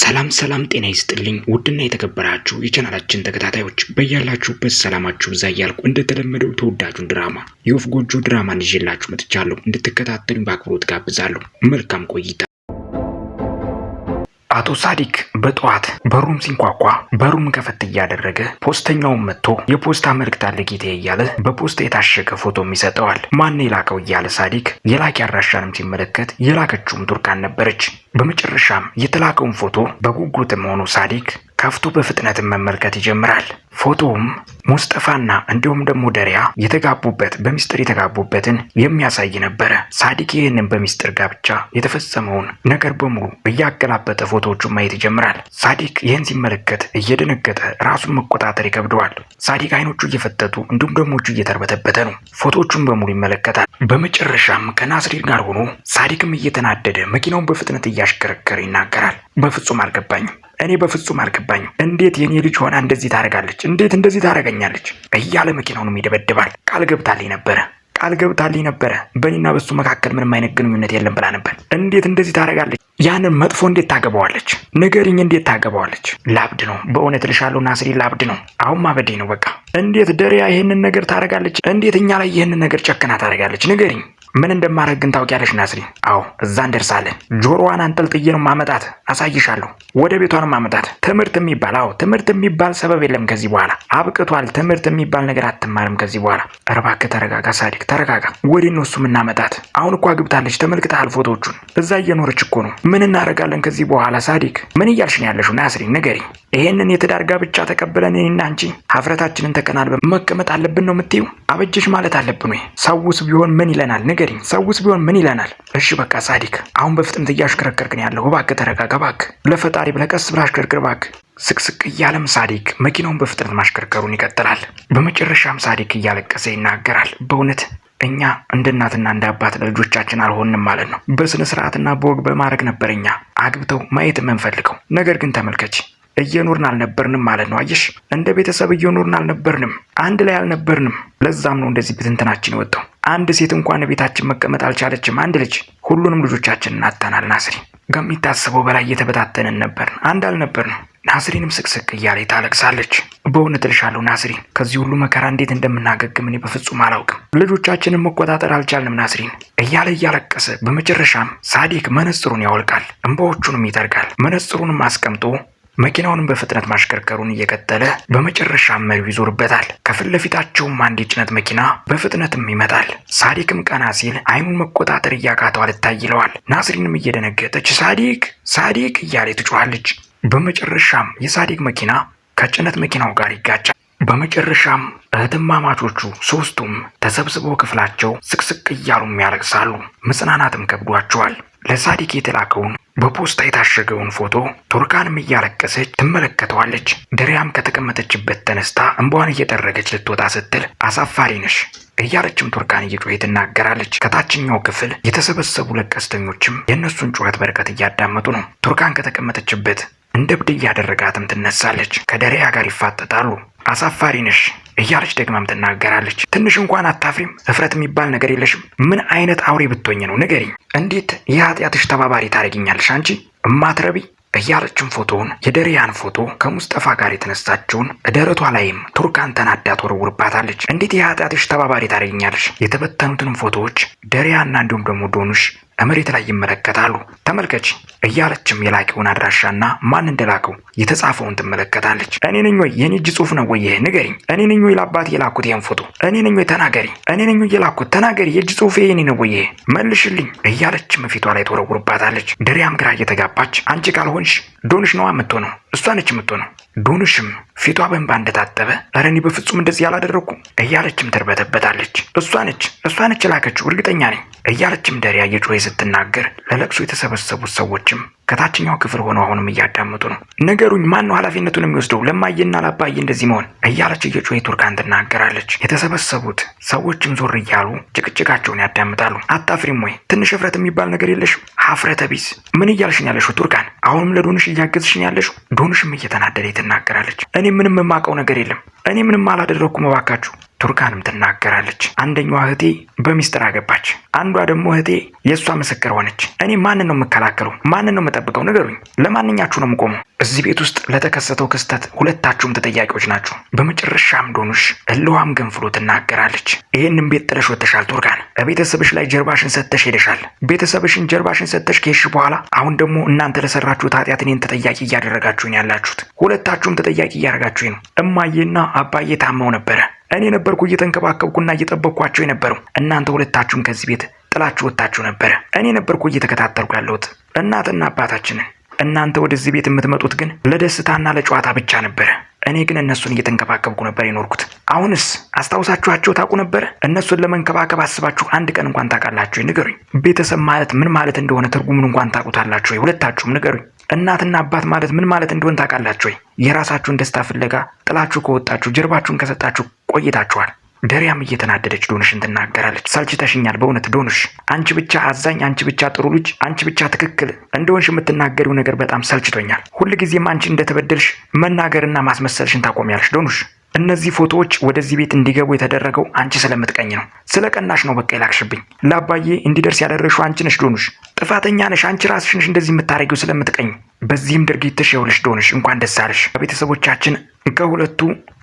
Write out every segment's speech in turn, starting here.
ሰላም ሰላም፣ ጤና ይስጥልኝ ውድና የተከበራችሁ የቻናላችን ተከታታዮች በያላችሁበት ሰላማችሁ ብዛ እያልኩ እንደተለመደው ተወዳጁን ድራማ የወፍ ጎጆ ድራማን ይዤላችሁ መጥቻለሁ። እንድትከታተሉኝ በአክብሮት ጋብዛለሁ። መልካም ቆይታ አቶ ሳዲክ በጠዋት በሩም ሲንኳኳ በሩም ከፈት እያደረገ ፖስተኛውን መጥቶ የፖስታ መልእክት አለ ጌታዬ እያለ በፖስታ የታሸገ ፎቶም ይሰጠዋል። ማን የላከው እያለ ሳዲክ የላኪ አድራሻንም ሲመለከት የላከችውም ቱርካን ነበረች። በመጨረሻም የተላከውን ፎቶ በጉጉትም ሆኖ ሳዲክ ከፍቶ በፍጥነትም መመልከት ይጀምራል። ፎቶውም ሙስጠፋና እንዲሁም ደግሞ ደሪያ የተጋቡበት በሚስጥር የተጋቡበትን የሚያሳይ ነበረ። ሳዲቅ ይህንን በሚስጥር ጋብቻ የተፈጸመውን ነገር በሙሉ እያገላበጠ ፎቶዎቹን ማየት ይጀምራል። ሳዲቅ ይህን ሲመለከት እየደነገጠ ራሱን መቆጣጠር ይከብደዋል። ሳዲቅ አይኖቹ እየፈጠጡ እንዲሁም ደግሞ እጁ እየተርበተበተ ነው። ፎቶዎቹን በሙሉ ይመለከታል። በመጨረሻም ከናስሪን ጋር ሆኖ ሳዲቅም እየተናደደ መኪናውን በፍጥነት እያሽከረከረ ይናገራል። በፍጹም አልገባኝም፣ እኔ በፍጹም አልገባኝም። እንዴት የኔ ልጅ ሆና እንደዚህ ታደርጋለች? እንዴት እንደዚህ ታደርገኛለች እያለ መኪናውንም ይደበድባል። ቃል ገብታልኝ ነበረ ቃል ገብታልኝ ነበረ በእኔና በሱ መካከል ምንም አይነት ግንኙነት የለም ብላ ነበር። እንዴት እንደዚህ ታደርጋለች? ያንን መጥፎ እንዴት ታገባዋለች? ንገሪኝ፣ እንዴት ታገባዋለች? ላብድ ነው በእውነት ልሻለሁ። ናስሪ ላብድ ነው። አሁን ማበዴ ነው በቃ እንዴት ደሪያ ይህንን ነገር ታደርጋለች? እንዴት እኛ ላይ ይህንን ነገር ጨክና ታደርጋለች? ንገሪኝ። ምን እንደማደርግ ግን ታውቂያለሽ ናስሪ? አዎ እዛ እንደርሳለን። ጆሮዋን አንጠልጥዬ ነው ማመጣት። አሳይሻለሁ። ወደ ቤቷን ማመጣት። ትምህርት የሚባል አዎ ትምህርት የሚባል ሰበብ የለም ከዚህ በኋላ አብቅቷል። ትምህርት የሚባል ነገር አትማርም ከዚህ በኋላ። ኧረ እባክህ ተረጋጋ ሳዲቅ ተረጋጋ። ወደ እነሱ ምናመጣት? አሁን እኮ አግብታለች። ተመልክተሃል ፎቶዎቹን። እዛ እየኖረች እኮ ነው። ምን እናደርጋለን ከዚህ በኋላ ሳዲቅ? ምን እያልሽ ነው ያለሽው ናስሪን? ንገሪኝ ይሄንን የትዳር ጋብቻ ተቀብለን እኔና አንቺ ሀፍረታችንን ተከናንበን መቀመጥ አለብን ነው የምትዩ? አበጀሽ ማለት አለብን ወይ? ሰውስ ቢሆን ምን ይለናል? ንገሪኝ፣ ሰውስ ቢሆን ምን ይለናል? እሺ በቃ ሳዲክ፣ አሁን በፍጥነት እያሽከረከርክን ያለው እባክህ ተረጋጋ፣ እባክህ ለፈጣሪ ብለህ ቀስ ብለህ አሽከርክር እባክህ። ስቅስቅ እያለም ሳዲክ መኪናውን በፍጥነት ማሽከርከሩን ይቀጥላል። በመጨረሻም ሳዲክ እያለቀሰ ይናገራል። በእውነት እኛ እንደ እናትና እንደ አባት ለልጆቻችን አልሆንም ማለት ነው። በስነ ስርዓትና በወግ በማድረግ ነበር እኛ አግብተው ማየት የምንፈልገው። ነገር ግን ተመልከች እየኖርን አልነበርንም ማለት ነው። አየሽ እንደ ቤተሰብ እየኖርን አልነበርንም፣ አንድ ላይ አልነበርንም። ለዛም ነው እንደዚህ ብትንትናችን የወጣው። አንድ ሴት እንኳን ቤታችን መቀመጥ አልቻለችም። አንድ ልጅ ሁሉንም ልጆቻችን አጥተናል። ናስሪ ከሚታስበው በላይ እየተበታተንን ነበር፣ አንድ አልነበርንም። ናስሪንም ስቅስቅ እያለ ታለቅሳለች። በእውነት እልሻለሁ ናስሪን፣ ከዚህ ሁሉ መከራ እንዴት እንደምናገግም እኔ በፍጹም አላውቅም። ልጆቻችንን መቆጣጠር አልቻልንም ናስሪን እያለ እያለቀሰ በመጨረሻም ሳዲክ መነጽሩን ያወልቃል፣ እንባዎቹንም ይጠርጋል። መነጽሩንም አስቀምጦ መኪናውንም በፍጥነት ማሽከርከሩን እየቀጠለ በመጨረሻ መሪው ይዞርበታል። ከፊት ለፊታቸውም አንድ የጭነት መኪና በፍጥነትም ይመጣል። ሳዲቅም ቀና ሲል አይኑን መቆጣጠር እያቃተው አልታይ ናስሪንም እየደነገጠች ሳዲቅ ሳዲቅ እያለ ትጮኋለች። በመጨረሻም የሳዲቅ መኪና ከጭነት መኪናው ጋር ይጋጫል። በመጨረሻም እህትማማቾቹ ሶስቱም ተሰብስበው ክፍላቸው ስቅስቅ እያሉም ያለቅሳሉ። መጽናናትም ከብዷቸዋል። ለሳዲቅ የተላከውን በፖስታ የታሸገውን ፎቶ ቱርካንም እያለቀሰች ትመለከተዋለች። ደሪያም ከተቀመጠችበት ተነስታ እንባዋን እየጠረገች ልትወጣ ስትል አሳፋሪ ነሽ እያለችም ቱርካን እየጮኸ ትናገራለች። ከታችኛው ክፍል የተሰበሰቡ ለቀስተኞችም የእነሱን ጩኸት በርቀት እያዳመጡ ነው። ቱርካን ከተቀመጠችበት እንደ እብድ እያደረጋትም ትነሳለች። ከደሪያ ጋር ይፋጠጣሉ። አሳፋሪ ነሽ እያለች ደግማም ትናገራለች። ትንሽ እንኳን አታፍሪም? እፍረት የሚባል ነገር የለሽም? ምን አይነት አውሬ ብትሆኝ ነው ንገሪኝ። እንዴት የኃጢአትሽ ተባባሪ ታደርጊኛለሽ አንቺ እማትረቢ እያለችም ፎቶውን የደሪያን ፎቶ ከሙስጠፋ ጋር የተነሳችውን ደረቷ ላይም ቱርካን ተናዳ ተወረውርባታለች። እንዴት የኃጢአትሽ ተባባሪ ታደርጊኛለሽ? የተበተኑትንም ፎቶዎች ደሪያና እንዲሁም ደግሞ ዶኑሽ መሬት ላይ ይመለከታሉ። ተመልከች እያለችም የላኪውን አድራሻና ማን እንደላከው የተጻፈውን ትመለከታለች። እኔ ነኝ ወይ የኔ እጅ ጽሁፍ ነው ወይ ይሄ ንገሪኝ። እኔ ነኝ ወይ ለአባቴ የላኩት ይህን ፎቶ እኔ ነኝ ወይ ተናገሪ። እኔ ነኝ ወይ የላኩት ተናገሪ። የእጅ ጽሁፍ የኔ ነው ወይ ይሄ መልሽልኝ እያለችም ፊቷ ላይ ተወረውርባታለች። ድሪያም ግራ እየተጋባች አንቺ ካልሆንሽ ዶንሽ ነዋ የምትሆነው እሷ ነች የምትሆነው። ዶንሽም ፊቷ በእንባ እንደታጠበ ኧረ እኔ በፍጹም እንደዚህ ያላደረግኩ እያለችም ትርበተበታለች። እሷ ነች እሷ ነች የላከችው እርግጠኛ ነኝ እያለችም ደሪያ እየጮኸ ስትናገር ለለቅሶ የተሰበሰቡት ሰዎችም ከታችኛው ክፍል ሆነው አሁንም እያዳመጡ ነው። ነገሩኝ፣ ማን ነው ኃላፊነቱን የሚወስደው ለማየና ላባዬ እንደዚህ መሆን? እያለች እየጮኸ ቱርካን ትናገራለች። የተሰበሰቡት ሰዎችም ዞር እያሉ ጭቅጭቃቸውን ያዳምጣሉ። አታፍሪም ወይ? ትንሽ እፍረት የሚባል ነገር የለሽም? ሀፍረተ ቢስ! ምን እያልሽን ያለሽው ቱርካን? አሁንም ለዶንሽ እያገዝሽን ያለሽው? ዶንሽም እየተናደደ ትናገራለች። እኔ ምንም የማውቀው ነገር የለም። እኔ ምንም አላደረግኩም፣ እባካችሁ ቱርካንም ትናገራለች። አንደኛዋ እህቴ በሚስጥር አገባች፣ አንዷ ደግሞ እህቴ የእሷ ምስክር ሆነች። እኔ ማንን ነው የምከላከለው? ማንን ነው የምጠብቀው? ንገሩኝ። ለማንኛችሁ ነው የምቆመው? እዚህ ቤት ውስጥ ለተከሰተው ክስተት ሁለታችሁም ተጠያቂዎች ናችሁ። በመጨረሻም ዶኑሽ እልዋም ገንፍሎ ትናገራለች። ይህንም ቤት ጥለሽ ወጥተሻል ቱርካን። ቤተሰብሽ ላይ ጀርባሽን ሰጥተሽ ሄደሻል። ቤተሰብሽን ጀርባሽን ሰጥተሽ ከሄድሽ በኋላ አሁን ደግሞ እናንተ ለሰራችሁት ኃጢአት እኔን ተጠያቂ እያደረጋችሁኝ ያላችሁት ሁለታችሁም ተጠያቂ እያደረጋችሁኝ ነው። እማዬና አባዬ ታመው ነበረ። እኔ ነበርኩ እየተንከባከብኩና እየጠበቅኳቸው የነበረው። እናንተ ሁለታችሁም ከዚህ ቤት ጥላችሁ ወጥታችሁ ነበረ። እኔ ነበርኩ እየተከታተልኩ ያለሁት እናትና አባታችንን። እናንተ ወደዚህ ቤት የምትመጡት ግን ለደስታና ለጨዋታ ብቻ ነበረ። እኔ ግን እነሱን እየተንከባከብኩ ነበር የኖርኩት። አሁንስ አስታውሳችኋቸው ታውቁ ነበረ? እነሱን ለመንከባከብ አስባችሁ አንድ ቀን እንኳን ታውቃላችሁ? ንገሩኝ። ቤተሰብ ማለት ምን ማለት እንደሆነ ትርጉሙን እንኳን ታውቁታላችሁ? ሁለታችሁም ንገሩኝ። እናትና አባት ማለት ምን ማለት እንደሆን ታውቃላችሁ ወይ? የራሳችሁን ደስታ ፍለጋ ጥላችሁ ከወጣችሁ ጀርባችሁን ከሰጣችሁ ቆይታችኋል። ደሪያም እየተናደደች ዶኑሽን ትናገራለች። ሰልችተሽኛል በእውነት ዶኑሽ፣ አንቺ ብቻ አዛኝ፣ አንቺ ብቻ ጥሩ ልጅ፣ አንቺ ብቻ ትክክል እንደሆንሽ የምትናገሪው ነገር በጣም ሰልችቶኛል። ሁልጊዜም አንቺ እንደተበደልሽ መናገርና ማስመሰልሽን ታቆሚያለሽ ዶንሽ። እነዚህ ፎቶዎች ወደዚህ ቤት እንዲገቡ የተደረገው አንቺ ስለምትቀኝ ነው። ስለ ቀናሽ ነው በቃ የላክሽብኝ። ለአባዬ እንዲደርስ ያደረግሽው አንቺ ነሽ ዶኑሽ። ጥፋተኛ ነሽ አንቺ ራስሽ ነሽ እንደዚህ የምታደርጊው ስለምትቀኝ። በዚህም ድርጊትሽ ይኸውልሽ ዶኑሽ፣ እንኳን ደስ አለሽ። ከቤተሰቦቻችን ከሁለቱ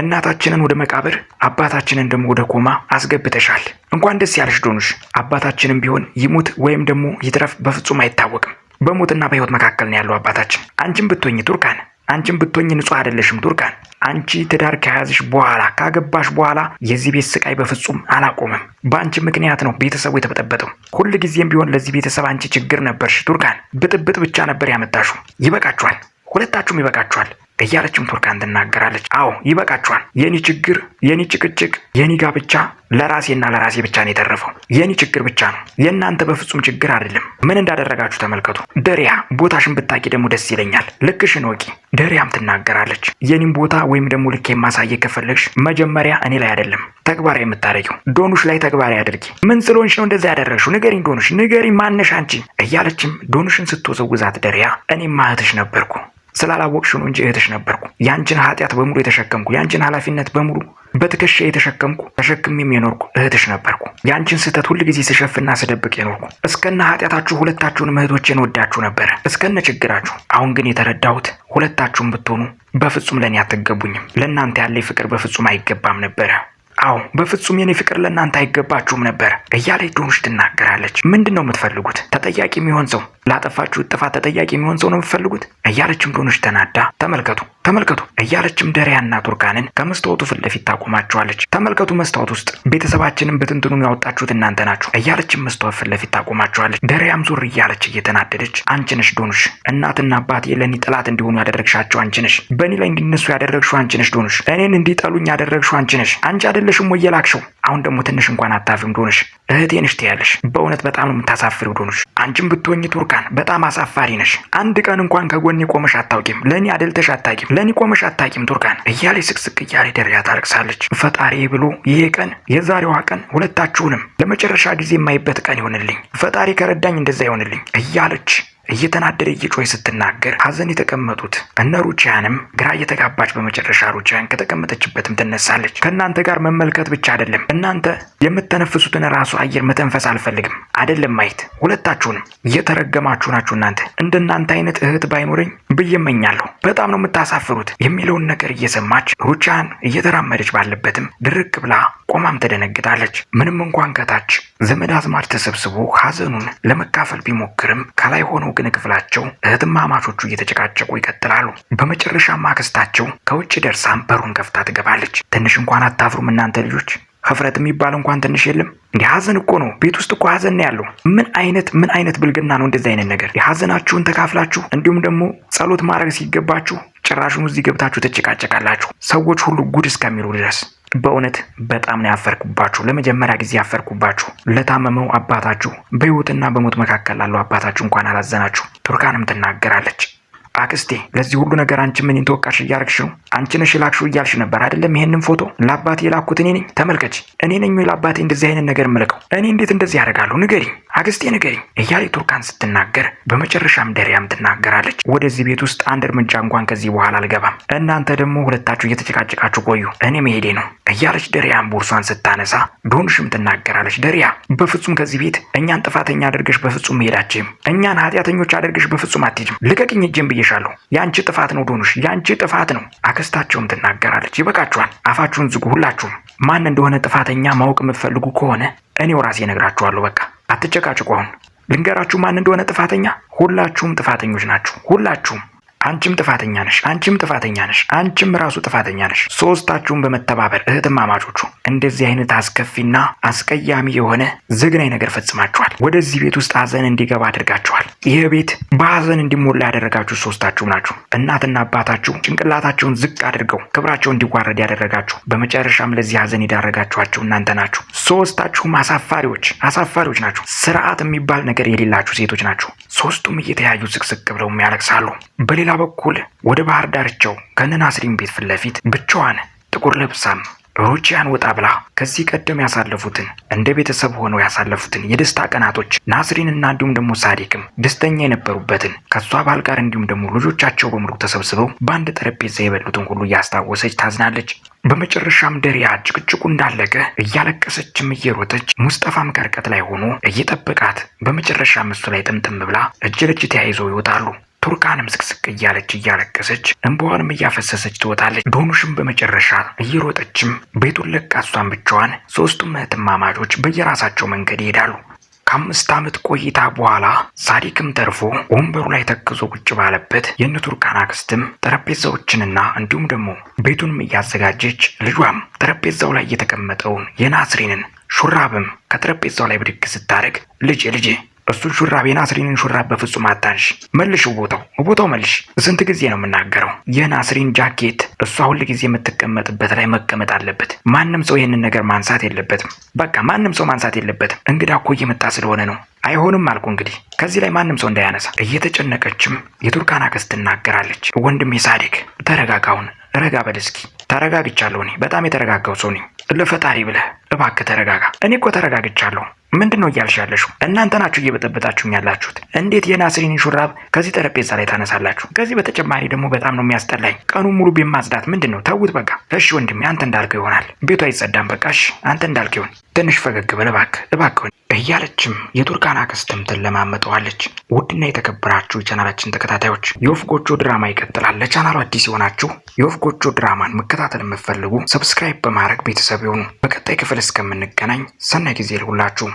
እናታችንን ወደ መቃብር አባታችንን ደግሞ ወደ ኮማ አስገብተሻል። እንኳን ደስ ያለሽ ዶኑሽ። አባታችንም ቢሆን ይሙት ወይም ደግሞ ይትረፍ በፍጹም አይታወቅም። በሞትና በህይወት መካከል ነው ያለው አባታችን። አንቺም ብትሆኝ ቱርካን አንቺም ብትሆኝ ንጹህ አይደለሽም ቱርካን። አንቺ ትዳር ከያዝሽ በኋላ ካገባሽ በኋላ የዚህ ቤት ስቃይ በፍጹም አላቆመም። በአንቺ ምክንያት ነው ቤተሰቡ የተበጠበጠው። ሁል ጊዜም ቢሆን ለዚህ ቤተሰብ አንቺ ችግር ነበርሽ ቱርካን። ብጥብጥ ብቻ ነበር ያመጣሹ። ይበቃችኋል፣ ሁለታችሁም ይበቃችኋል። እያለችም ቱርካን ትናገራለች። አዎ ይበቃችኋል። የኔ ችግር፣ የኔ ጭቅጭቅ፣ የኔ ጋብቻ ለራሴና ለራሴ ብቻ ነው የተረፈው። የኔ ችግር ብቻ ነው፣ የእናንተ በፍጹም ችግር አይደለም። ምን እንዳደረጋችሁ ተመልከቱ። ደሪያ ቦታሽን ብታቂ ደግሞ ደስ ይለኛል። ልክሽን ወቂ። ደሪያም ትናገራለች። የኔም ቦታ ወይም ደግሞ ልክ የማሳየ ከፈለግሽ መጀመሪያ እኔ ላይ አይደለም ተግባራዊ የምታደርጊው ዶኑሽ ላይ ተግባራዊ አድርጊ። ምን ስለሆንሽ ነው እንደዛ ያደረግሽው? ንገሪኝ ዶኑሽ፣ ንገሪኝ ማነሽ አንቺ? እያለችም ዶኑሽን ስትወዘውዛት ደሪያ እኔም ማህትሽ ነበርኩ ስላላወቅሽ ነው እንጂ እህትሽ ነበርኩ። ያንቺን ኃጢአት በሙሉ የተሸከምኩ፣ ያንቺን ኃላፊነት በሙሉ በትከሻ የተሸከምኩ ተሸክሜም የኖርኩ እህትሽ ነበርኩ። ያንቺን ስህተት ጊዜ ስሸፍና ስደብቅ የኖርኩ። እስከነ ኃጢአታችሁ ሁለታችሁንም እህቶቼን ወዳችሁ ነበረ፣ እስከነ ችግራችሁ። አሁን ግን የተረዳሁት ሁለታችሁም ብትሆኑ በፍጹም ለእኔ አትገቡኝም። ለእናንተ ያለኝ ፍቅር በፍጹም አይገባም ነበረ። አዎ በፍጹም የኔ ፍቅር ለእናንተ አይገባችሁም ነበር እያለ ዶኑሽ ትናገራለች። ምንድን ነው የምትፈልጉት? ተጠያቂ የሚሆን ሰው ላጠፋችሁት ጥፋት ተጠያቂ የሚሆን ሰው ነው የምትፈልጉት? እያለችም ዶኑሽ ተናዳ ተመልከቱ ተመልከቱ እያለችም ደሪያና ቱርካንን ከመስታወቱ ፊት ለፊት ታቆማቸዋለች። ተመልከቱ መስታወት ውስጥ ቤተሰባችንን በትንትኑ ያወጣችሁት እናንተ ናችሁ እያለችም መስታወት ፊት ለፊት ታቆማቸዋለች። ደሪያም ዞር እያለች እየተናደደች አንቺ ነሽ ዶኑሽ፣ እናትና አባቴ ለእኔ ጥላት እንዲሆኑ ያደረግሻቸው አንቺ ነሽ፣ በእኔ ላይ እንዲነሱ ያደረግሽው አንቺ ነሽ ዶኑሽ፣ እኔን እንዲጠሉኝ ያደረግሽው አንቺ ነሽ፣ አንቺ አደለ አይደለሽም ወይ የላክሽው? አሁን ደግሞ ትንሽ እንኳን አታፍሪም ዶንሽ። እህቴ ትያለሽ። በእውነት በጣም ነው የምታሳፍሪው ዶንሽ። አንቺም ብትሆኝ ቱርካን በጣም አሳፋሪ ነሽ። አንድ ቀን እንኳን ከጎኔ ቆመሽ አታውቂም። ለእኔ አደልተሽ አታውቂም። ለእኔ ቆመሽ አታውቂም ቱርካን እያለች ስቅስቅ እያለ ደርያ ታለቅሳለች። ፈጣሪ ብሎ ይሄ ቀን የዛሬዋ ቀን ሁለታችሁንም ለመጨረሻ ጊዜ የማይበት ቀን ይሆንልኝ። ፈጣሪ ከረዳኝ እንደዛ ይሆንልኝ እያለች እየተናደደ እየጮኸ ስትናገር ሀዘን የተቀመጡት እነ ሩቺያንም ግራ እየተጋባች በመጨረሻ ሩቺያን ከተቀመጠችበትም ትነሳለች። ከእናንተ ጋር መመልከት ብቻ አይደለም እናንተ የምተነፍሱትን ራሱ አየር መተንፈስ አልፈልግም አይደለም ማየት። ሁለታችሁንም እየተረገማችሁ ናችሁ እናንተ። እንደናንተ አይነት እህት ባይኖረኝ ብዬ እመኛለሁ። በጣም ነው የምታሳፍሩት የሚለውን ነገር እየሰማች ሩቻን እየተራመደች ባለበትም ድርቅ ብላ ቆማም ተደነግጣለች። ምንም እንኳን ከታች ዘመድ አዝማድ ተሰብስቦ ሀዘኑን ለመካፈል ቢሞክርም ከላይ ሆነው ግን ክፍላቸው እህትማማቾቹ እየተጨቃጨቁ ይቀጥላሉ። በመጨረሻ ማክስታቸው ከውጭ ደርሳም በሩን ከፍታ ትገባለች። ትንሽ እንኳን አታፍሩም እናንተ ልጆች ሀፍረት የሚባል እንኳን ትንሽ የለም። እንዲህ ሀዘን እኮ ነው፣ ቤት ውስጥ እኮ ሀዘን ነው ያለው። ምን አይነት ምን አይነት ብልግና ነው እንደዚህ አይነት ነገር! የሀዘናችሁን ተካፍላችሁ እንዲሁም ደግሞ ጸሎት ማድረግ ሲገባችሁ ጭራሹን እዚህ ገብታችሁ ትጨቃጨቃላችሁ፣ ሰዎች ሁሉ ጉድ እስከሚሉ ድረስ። በእውነት በጣም ነው ያፈርኩባችሁ። ለመጀመሪያ ጊዜ ያፈርኩባችሁ። ለታመመው አባታችሁ፣ በህይወትና በሞት መካከል ላለው አባታችሁ እንኳን አላዘናችሁ። ቱርካንም ትናገራለች አክስቴ፣ ለዚህ ሁሉ ነገር አንቺ ምን ተወቃሽ እያደረግሽ ነው? አንቺ ነሽ የላክሽው እያልሽ ነበር አይደለም? ይሄንን ፎቶ ለአባቴ የላኩት እኔ ነኝ። ተመልከች፣ እኔ ነኝ ለአባቴ እንደዚህ አይነት ነገር ምልከው። እኔ እንዴት እንደዚህ ያደርጋለሁ? ንገሪኝ አክስቴ፣ ንገሪኝ እያለ ቱርካን ስትናገር፣ በመጨረሻም ደሪያም ትናገራለች። ወደዚህ ቤት ውስጥ አንድ እርምጃ እንኳን ከዚህ በኋላ አልገባም። እናንተ ደግሞ ሁለታችሁ እየተጨቃጨቃችሁ ቆዩ፣ እኔ መሄዴ ነው እያለች ደሪያም ቦርሷን ስታነሳ ዶንሽም ትናገራለች። ደሪያ በፍጹም ከዚህ ቤት እኛን ጥፋተኛ አድርገሽ በፍጹም መሄዳችም፣ እኛን ኃጢአተኞች አድርገሽ በፍጹም አትሄጂም። ልቀቅኝ እጄን ብዬሻለሁ። ይናገራሉ። የአንቺ ጥፋት ነው ዶኑሽ፣ የአንቺ ጥፋት ነው አክስታቸውም ትናገራለች። ይበቃችኋል፣ አፋችሁን ዝጉ ሁላችሁም። ማን እንደሆነ ጥፋተኛ ማወቅ የምትፈልጉ ከሆነ እኔው ራሴ ነግራችኋለሁ። በቃ አትጨቃጭቁ። አሁን ልንገራችሁ ማን እንደሆነ ጥፋተኛ። ሁላችሁም ጥፋተኞች ናችሁ፣ ሁላችሁም አንቺም ጥፋተኛ ነሽ፣ አንቺም ጥፋተኛ ነሽ፣ አንቺም ራሱ ጥፋተኛ ነሽ። ሶስታችሁን በመተባበር እህትማማቾቹ እንደዚህ አይነት አስከፊና አስቀያሚ የሆነ ዘግናኝ ነገር ፈጽማችኋል። ወደዚህ ቤት ውስጥ ሀዘን እንዲገባ አድርጋችኋል። ይህ ቤት በሀዘን እንዲሞላ ያደረጋችሁ ሶስታችሁ ናችሁ። እናትና አባታችሁ ጭንቅላታቸውን ዝቅ አድርገው ክብራቸው እንዲዋረድ ያደረጋችሁ፣ በመጨረሻም ለዚህ ሀዘን የዳረጋችኋቸው እናንተ ናችሁ። ሶስታችሁም አሳፋሪዎች አሳፋሪዎች ናችሁ። ስርዓት የሚባል ነገር የሌላችሁ ሴቶች ናችሁ። ሶስቱም እየተያዩ ስቅስቅ ብለው ያለቅሳሉ። በሌላ በኩል ወደ ባህር ዳርቻው ከነናስሪን ቤት ፊት ለፊት ብቻዋን ጥቁር ለብሳም ሩቺያን ወጣ ብላ ከዚህ ቀደም ያሳለፉትን እንደ ቤተሰብ ሆነው ያሳለፉትን የደስታ ቀናቶች ናስሪንና እንዲሁም ደግሞ ሳዲቅም ደስተኛ የነበሩበትን ከእሷ ባል ጋር እንዲሁም ደግሞ ልጆቻቸው በሙሉ ተሰብስበው በአንድ ጠረጴዛ የበሉትን ሁሉ እያስታወሰች ታዝናለች። በመጨረሻም ደሪያ ጭቅጭቁ እንዳለቀ እያለቀሰችም እየሮጠች ሙስጠፋም ከርቀት ላይ ሆኖ እየጠበቃት በመጨረሻ እሱ ላይ ጥምጥም ብላ እጅ ለእጅ ተያይዘው ይወጣሉ። ቱርካንም ስቅስቅ እያለች እያለቀሰች እንባዋንም እያፈሰሰች ትወጣለች። ዶኑሽም በመጨረሻ እየሮጠችም ቤቱን ለቃ እሷን ብቻዋን፣ ሶስቱም እህትማማቾች በየራሳቸው መንገድ ይሄዳሉ። ከአምስት ዓመት ቆይታ በኋላ ሳዲክም ተርፎ ወንበሩ ላይ ተክዞ ቁጭ ባለበት የእነ ቱርካን አክስትም ጠረጴዛዎችንና እንዲሁም ደግሞ ቤቱንም እያዘጋጀች ልጇም ጠረጴዛው ላይ የተቀመጠውን የናስሪንን ሹራብም ከጠረጴዛው ላይ ብድግ ስታደርግ ልጄ ልጄ እሱን ሹራቤን አስሪንን ሹራብ በፍጹም አታንሽ። መልሽ ቦታው ቦታው መልሽ። ስንት ጊዜ ነው የምናገረው? ይህን አስሪን ጃኬት እሷ ሁል ጊዜ የምትቀመጥበት ላይ መቀመጥ አለበት። ማንም ሰው ይህንን ነገር ማንሳት የለበትም። በቃ ማንም ሰው ማንሳት የለበትም። እንግዳ እኮ እየመጣ ስለሆነ ነው። አይሆንም አልኩ። እንግዲህ ከዚህ ላይ ማንም ሰው እንዳያነሳ። እየተጨነቀችም የቱርካና ክስ ትናገራለች። ወንድሜ ሳዲክ ተረጋጋውን ረጋ በል እስኪ። ተረጋግቻለሁ። እኔ በጣም የተረጋጋው ሰው ነኝ። ለፈጣሪ ብለህ እባክህ ተረጋጋ። እኔ እኮ ተረጋግቻለሁ። ምንድን ነው እያልሽ ያለሽው? እናንተ ናችሁ እየበጠበጣችሁኝ ያላችሁት። እንዴት የናስሪን ሹራብ ከዚህ ጠረጴዛ ላይ ታነሳላችሁ? ከዚህ በተጨማሪ ደግሞ በጣም ነው የሚያስጠላኝ። ቀኑ ሙሉ ቤት ማጽዳት ምንድን ነው? ተውት በቃ። እሺ ወንድሜ፣ አንተ እንዳልከው ይሆናል። ቤቱ አይጸዳም። በቃ እሺ፣ አንተ እንዳልከው ይሆን። ትንሽ ፈገግ በል እባክህ እባክህ እያለችም የቱርካን አክስትም ትለማመጠዋለች። ውድና የተከበራችሁ የቻናላችን ተከታታዮች የወፍ ጎጆ ድራማ ይቀጥላል። ለቻናሉ አዲስ የሆናችሁ የወፍ ጎጆ ድራማን መከታተል የምትፈልጉ ሰብስክራይብ በማድረግ ቤተሰብ ይሁኑ። በቀጣይ ክፍል እስከምንገናኝ ሰናይ ጊዜ ይሁንላችሁ።